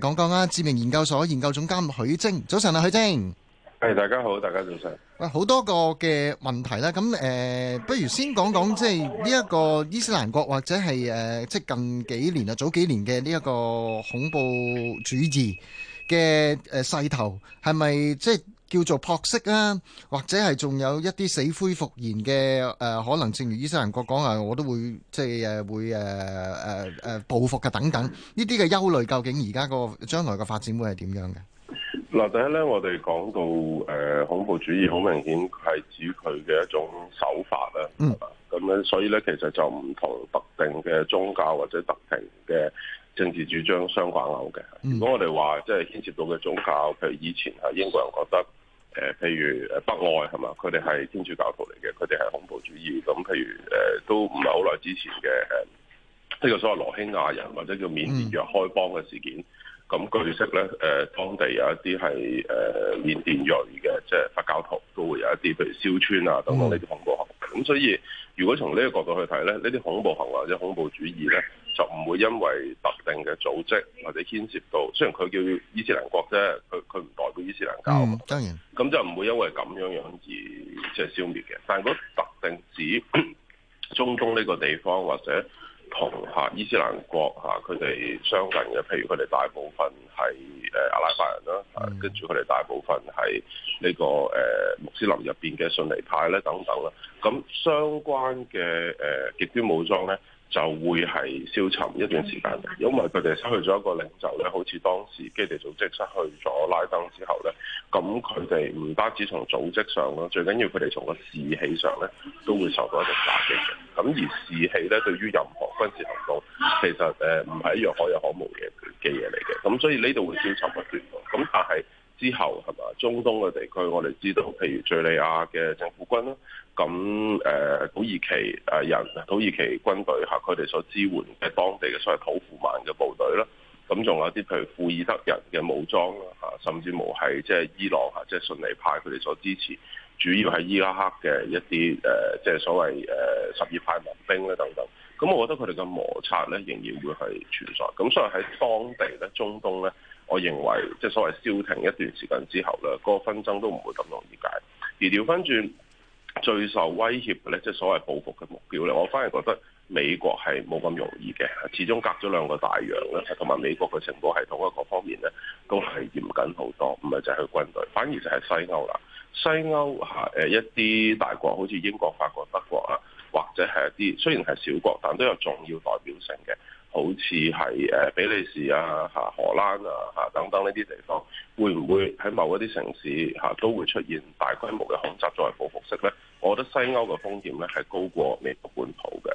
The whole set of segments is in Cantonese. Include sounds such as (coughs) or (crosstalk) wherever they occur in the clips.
講講啊，智明研究所研究總監許楨，早晨啊，許楨，係大家好，大家早晨。喂，好多個嘅問題啦，咁誒，不如先講講即係呢一個伊斯蘭國或者係誒，即係近幾年啊，早幾年嘅呢一個恐怖主義嘅誒勢頭係咪即係？叫做撲息啊，或者係仲有一啲死灰復燃嘅誒，可能正如伊斯蘭國講啊，我都會即係誒會誒誒誒報復嘅等等。呢啲嘅憂慮究竟而家個將來個發展會係點樣嘅？嗱，第一咧，我哋講到誒恐怖主義，好明顯係指佢嘅一種手法啦。嗯。咁樣所以咧，其實就唔同特定嘅宗教或者特定嘅。政治主張相掛鈎嘅。如果我哋話即係牽涉到嘅宗教，譬如以前啊英國人覺得誒、呃，譬如誒北愛係嘛，佢哋係天主教徒嚟嘅，佢哋係恐怖主義。咁譬如誒、呃、都唔係好耐之前嘅，呢、呃、個所謂羅興亞人或者叫緬甸若開邦嘅事件。咁、嗯、據悉咧，誒、呃、當地有一啲係誒緬甸裔嚟嘅，即係佛教徒都會有一啲譬如燒村啊等等呢啲恐怖行。咁、嗯、所以如果從呢個角度去睇咧，呢啲恐怖行為或者恐怖主義咧。就唔會因為特定嘅組織或者牽涉到，雖然佢叫伊斯蘭國啫，佢佢唔代表伊斯蘭教。嘛，嗯，當然。咁就唔會因為咁樣樣而即係消滅嘅。但係如果特定指 (coughs) 中東呢個地方，或者同吓伊斯蘭國吓佢哋相近嘅，譬如佢哋大部分係，誒阿拉伯人啦，跟住佢哋大部分係呢、這個誒、呃、穆斯林入邊嘅遜尼派咧等等啦，咁相關嘅誒極端武裝咧就會係消沉一段時間嘅，如果唔係佢哋失去咗一個領袖咧，好似當時基地組織失去咗拉登之後咧，咁佢哋唔單止從組織上啦，最緊要佢哋從個士氣上咧都會受到一啲打擊嘅，咁而士氣咧對於任何軍事行動其實誒唔係一樣可有可無嘅。嘅嘢嚟嘅，咁所以呢度會消沉不斷，咁但係之後係嘛，中東嘅地區，我哋知道，譬如敍利亞嘅政府軍，咁誒土耳其誒人，土耳其軍隊下佢哋所支援嘅當地嘅所謂土庫曼嘅部隊咧。咁仲有啲譬如庫爾德人嘅武裝啦，嚇，甚至無係即係伊朗嚇，即係順利派佢哋所支持，主要係伊拉克嘅一啲誒，即係所謂誒十二派民兵咧等等。咁我覺得佢哋嘅摩擦咧仍然會係存在。咁所以喺當地咧，中東咧，我認為即係所謂消停一段時間之後咧，嗰個紛爭都唔會咁容易解。而調翻轉最受威脅嘅咧，即係所謂報復嘅目標咧，我反而覺得。美國係冇咁容易嘅，始終隔咗兩個大洋咧，同埋美國嘅情報系統啊各方面咧都係嚴謹好多，唔係就係去軍隊，反而就係西歐啦。西歐嚇誒、啊、一啲大國，好似英國、法國、德國啊，或者係一啲雖然係小國，但都有重要代表性嘅，好似係誒比利時啊、嚇荷蘭啊、嚇等等呢啲地方，會唔會喺某一啲城市嚇、啊、都會出現大規模嘅恐襲作為報復式咧？我覺得西歐嘅風險咧係高過美國本土嘅。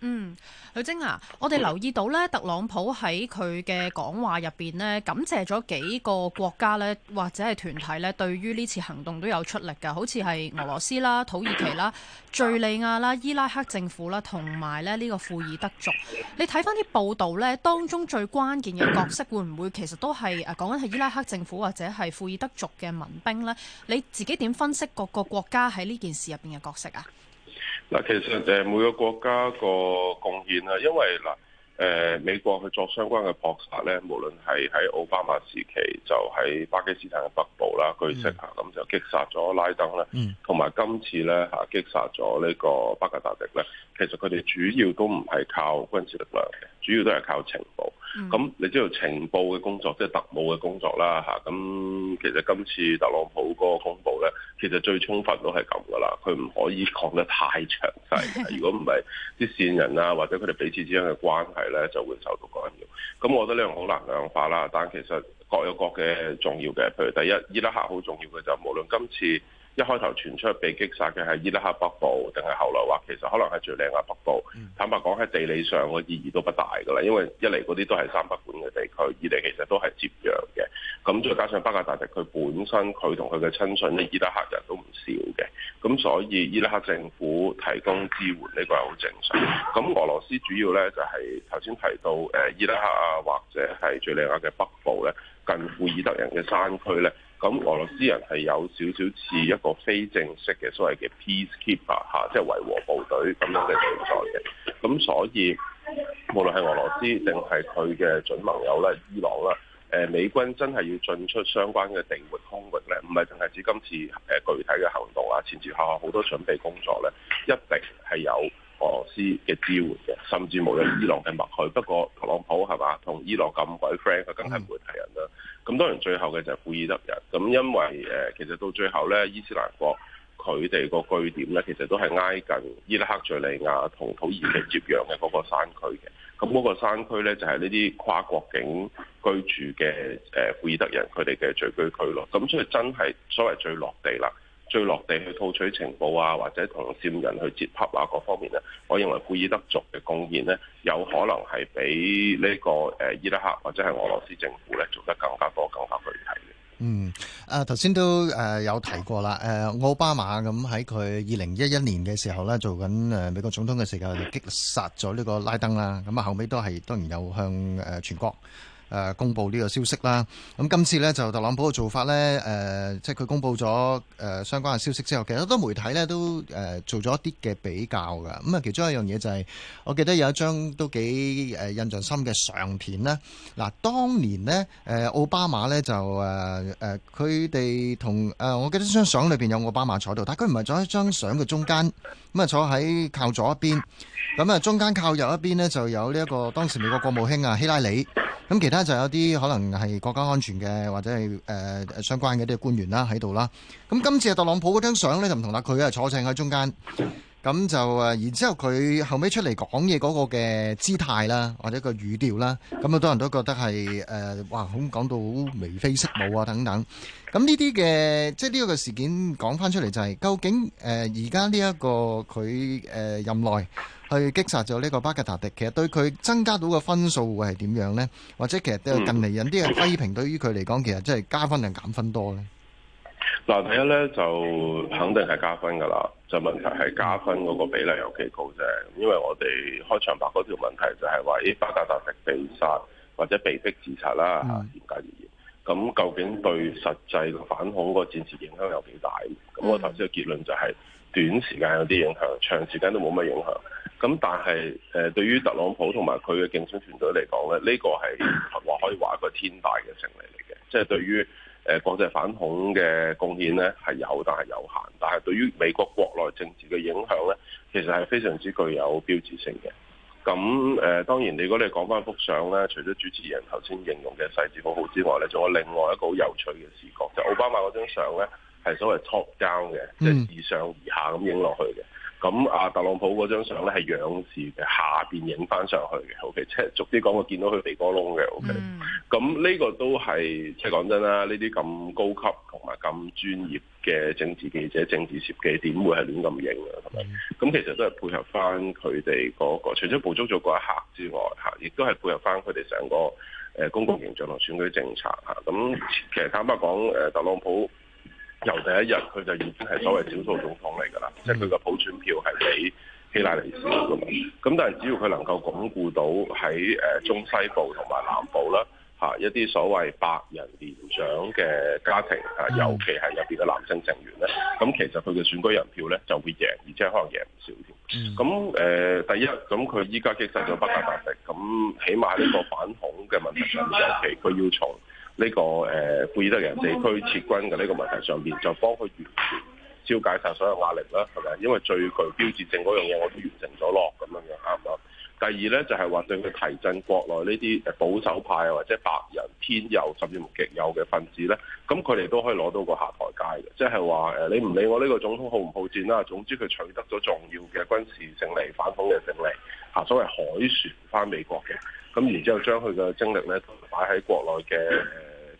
嗯，許楨啊，我哋留意到咧，特朗普喺佢嘅講話入邊呢，感謝咗幾個國家呢，或者係團體呢，對於呢次行動都有出力噶，好似係俄羅斯啦、土耳其啦、敘利亞啦、伊拉克政府啦，同埋咧呢個庫爾德族。你睇翻啲報道呢，當中最關鍵嘅角色會唔會其實都係誒、啊、講緊係伊拉克政府或者係庫爾德族嘅民兵呢？你自己點分析各個國家喺呢件事入邊嘅角色啊？嗱，其實誒每個國家個貢獻啦，因為嗱，誒、呃、美國佢作相關嘅捕殺咧，無論係喺奧巴馬時期就喺巴基斯坦嘅北部啦，據悉嚇，咁就擊殺咗拉登啦，同埋、嗯、今次咧嚇擊殺咗呢個巴格達迪咧，其實佢哋主要都唔係靠軍事力量嘅，主要都係靠情報。咁、嗯、你知道情報嘅工作，即係特務嘅工作啦，嚇，咁其實今次特朗普嗰個公布咧，其實最充分都係咁噶啦，佢唔可以講得太詳細， (laughs) 如果唔係啲線人啊，或者佢哋彼此之間嘅關係咧，就會受到干擾。咁我覺得呢樣好難量化啦，但係其實各有各嘅重要嘅，譬如第一伊拉克好重要嘅就無論今次。一開頭傳出被擊殺嘅係伊拉克北部，定係後來話其實可能係敍利亞北部。坦白講喺地理上個意義都不大㗎啦，因為一嚟嗰啲都係三不管嘅地區，二嚟其實都係接壤嘅。咁再加上巴格達迪，佢本身佢同佢嘅親信咧，伊拉克人都唔少嘅。咁所以伊拉克政府提供支援呢、這個係好正常。咁俄羅斯主要呢就係頭先提到誒伊拉克啊，或者係敍利亞嘅北部呢，近庫爾德人嘅山區呢。咁俄羅斯人係有少少似一個非正式嘅所謂嘅 peacekeeper 吓、啊，即係維和部隊咁樣嘅存在嘅。咁所以，無論係俄羅斯定係佢嘅準盟友咧，伊朗啦，誒、啊、美軍真係要進出相關嘅地域、空域咧，唔係淨係指今次誒具體嘅行動啊，前前後後好多準備工作咧，一定係有。俄羅斯嘅支援嘅，甚至無人伊朗嘅默許。 (coughs) 不過特朗普係嘛同伊朗咁鬼 friend，佢梗係唔會提人啦。咁當然最後嘅就係庫爾德人。咁因為誒，其實到最後咧，伊斯蘭國佢哋個據點咧，其實都係挨近伊拉克敍利亞同土耳其接壤嘅嗰個山區嘅。咁、那、嗰個山區咧，就係呢啲跨國境居住嘅誒庫爾德人佢哋嘅聚居區咯。咁所以真係所謂最落地啦。最落地去套取情報啊，或者同線人去接洽啊，各方面呢，我認為庫爾德族嘅貢獻呢，有可能係比呢個誒伊拉克或者係俄羅斯政府呢做得更加多、更加具體嘅。嗯，啊頭先都誒有提過啦，誒、啊、奧巴馬咁喺佢二零一一年嘅時候呢做緊誒美國總統嘅時候，就擊殺咗呢個拉登啦。咁啊後尾都係當然有向誒全國。誒、呃、公佈呢個消息啦，咁、嗯、今次呢，就特朗普嘅做法呢，誒、呃、即係佢公佈咗誒相關嘅消息之後，其實好多媒體呢都誒、呃、做咗一啲嘅比較㗎。咁、嗯、啊，其中一樣嘢就係、是，我記得有一張都幾誒印象深嘅相片啦。嗱、啊，當年呢，誒、呃、奧巴馬呢，就誒誒佢哋同誒、啊，我記得張相裏邊有奧巴馬坐度，但係佢唔係坐喺張相嘅中間，咁、嗯、啊坐喺靠左一邊。咁、嗯、啊、嗯，中間靠右一邊呢，就有呢、這、一個當時美國國務卿啊希拉里。咁其他就有啲可能係國家安全嘅，或者係誒、呃、相關嘅啲官員啦喺度啦。咁今次啊，特朗普嗰張相咧就唔同啦，佢啊坐正喺中間。嗯。咁就誒，然之後佢後尾出嚟講嘢嗰個嘅姿態啦，或者個語調啦，咁好多人都覺得係誒、呃，哇，好講到眉飛色舞啊等等。咁呢啲嘅，即係呢一個事件講翻出嚟就係、是，究竟誒而家呢一個佢誒、呃、任內去擊殺咗呢個巴格達迪，其實對佢增加到嘅分數會係點樣呢？或者其實近嚟有啲嘅批評對於佢嚟講，其實即係加分定減分多呢？嗱、嗯， (laughs) 第一呢就肯定係加分噶啦。就，問題係加分嗰個比例有幾高啫，因為我哋開場白嗰條問題就係話，咦，巴格達迪被殺或者被逼自殺啦，嚴格而言，咁、hmm. 究竟對實際嘅反恐個戰事影響有幾大？咁我頭先嘅結論就係、是、短時間有啲影響，長時間都冇乜影響。咁但係誒、呃，對於特朗普同埋佢嘅競選團隊嚟講咧，呢、這個係話可以話一個天大嘅勝利嚟嘅，即係對於。誒國際反恐嘅貢獻咧係有，但係有限。但係對於美國國內政治嘅影響咧，其實係非常之具有標誌性嘅。咁誒、呃，當然如果你係講翻幅相咧，除咗主持人頭先形容嘅細緻好好之外咧，仲有另外一個好有趣嘅視角，就是、奧巴馬嗰張相咧係所謂 top down 嘅，即係、嗯、自上而下咁影落去嘅。咁啊，特朗普嗰張相咧係仰視嘅，下邊影翻上去嘅。O K，即係逐啲講，我見到佢鼻哥窿嘅。O、okay? K、嗯。咁呢個都係即係講真啦，呢啲咁高級同埋咁專業嘅政治記者、政治攝記點會係亂咁影啊？咁的其實都係配合翻佢哋嗰個，除咗捕捉咗嗰一刻之外，嚇，亦都係配合翻佢哋成個誒公共形象同選舉政策嚇。咁其實坦白講，誒特朗普由第一日佢就已經係所謂少數總統嚟㗎啦，即係佢個普選票係比希拉里少㗎嘛。咁但係只要佢能夠鞏固到喺誒中西部同埋南部啦。嚇，一啲所謂白人年長嘅家庭，嚇尤其係入邊嘅男性成員咧，咁其實佢嘅選舉人票咧就會贏，而且可能贏唔少添。咁誒、嗯呃，第一，咁佢依家擊殺咗巴格達迪，咁起碼呢個反恐嘅問題上面，嗯、尤其佢要從呢、這個誒庫、呃、爾德人地區撤軍嘅呢個問題上邊，就幫佢完全消解晒所有壓力啦，係咪？因為最具標誌性嗰樣嘢，我都完成咗喇。第二咧就係話對佢提振國內呢啲保守派啊，或者白人偏右甚至乎極右嘅分子咧，咁佢哋都可以攞到個下台階嘅，即係話誒你唔理我呢個總統好唔好戰啦，總之佢取得咗重要嘅軍事勝利、反恐嘅勝利，啊所謂海船翻美國嘅，咁然之後將佢嘅精力咧擺喺國內嘅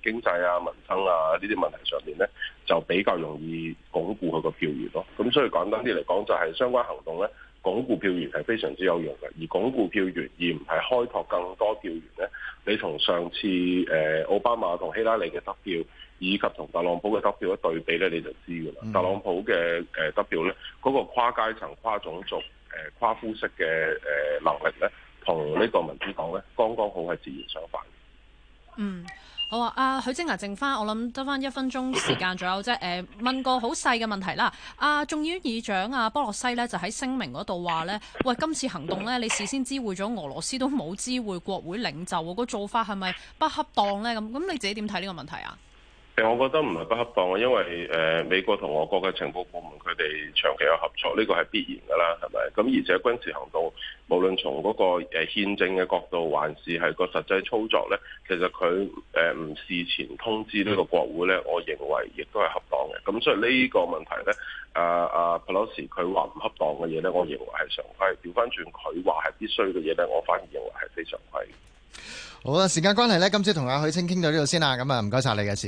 經濟啊、民生啊呢啲問題上面咧，就比較容易鞏固佢個票源咯。咁所以簡單啲嚟講，就係相關行動咧。鞏固票源係非常之有用嘅，而鞏固票源而唔係開拓更多票源呢？你同上次誒、呃、奧巴馬同希拉里嘅得票，以及同特朗普嘅得票一對比呢，你就知噶啦。嗯、特朗普嘅誒得票呢，嗰、嗰個跨階層、跨種族、誒跨膚色嘅誒能力呢，同呢個民主黨呢，剛剛好係截然相反。嗯。我話阿許楨呀，啊，剩翻，我諗得翻一分鐘時間左右啫。誒，呃，問個好細嘅問題啦。阿，啊，眾議院議長阿，啊，波洛西呢，就喺聲明嗰度話呢喂，今次行動呢，你事先知會咗俄羅斯都冇知會國會領袖，個個做法係咪不，不恰當呢？」咁咁你自己點睇呢個問題啊？我覺得唔係不恰當嘅，因為誒、呃、美國同俄國嘅情報部門佢哋長期有合作，呢個係必然㗎啦，係咪？咁而且軍事行動無論從嗰、那個誒、呃、憲政嘅角度，還是係個實際操作呢，其實佢誒唔事前通知呢個國會呢、嗯啊啊，我認為亦都係恰當嘅。咁所以呢個問題呢，阿阿佩洛西佢話唔恰當嘅嘢呢，我認為係常規；掉返轉佢話係必須嘅嘢呢，我反而認為係非常規。好啊，時間關係呢，今朝同阿許楨傾到呢度先啦。咁啊，唔該晒你嘅時間。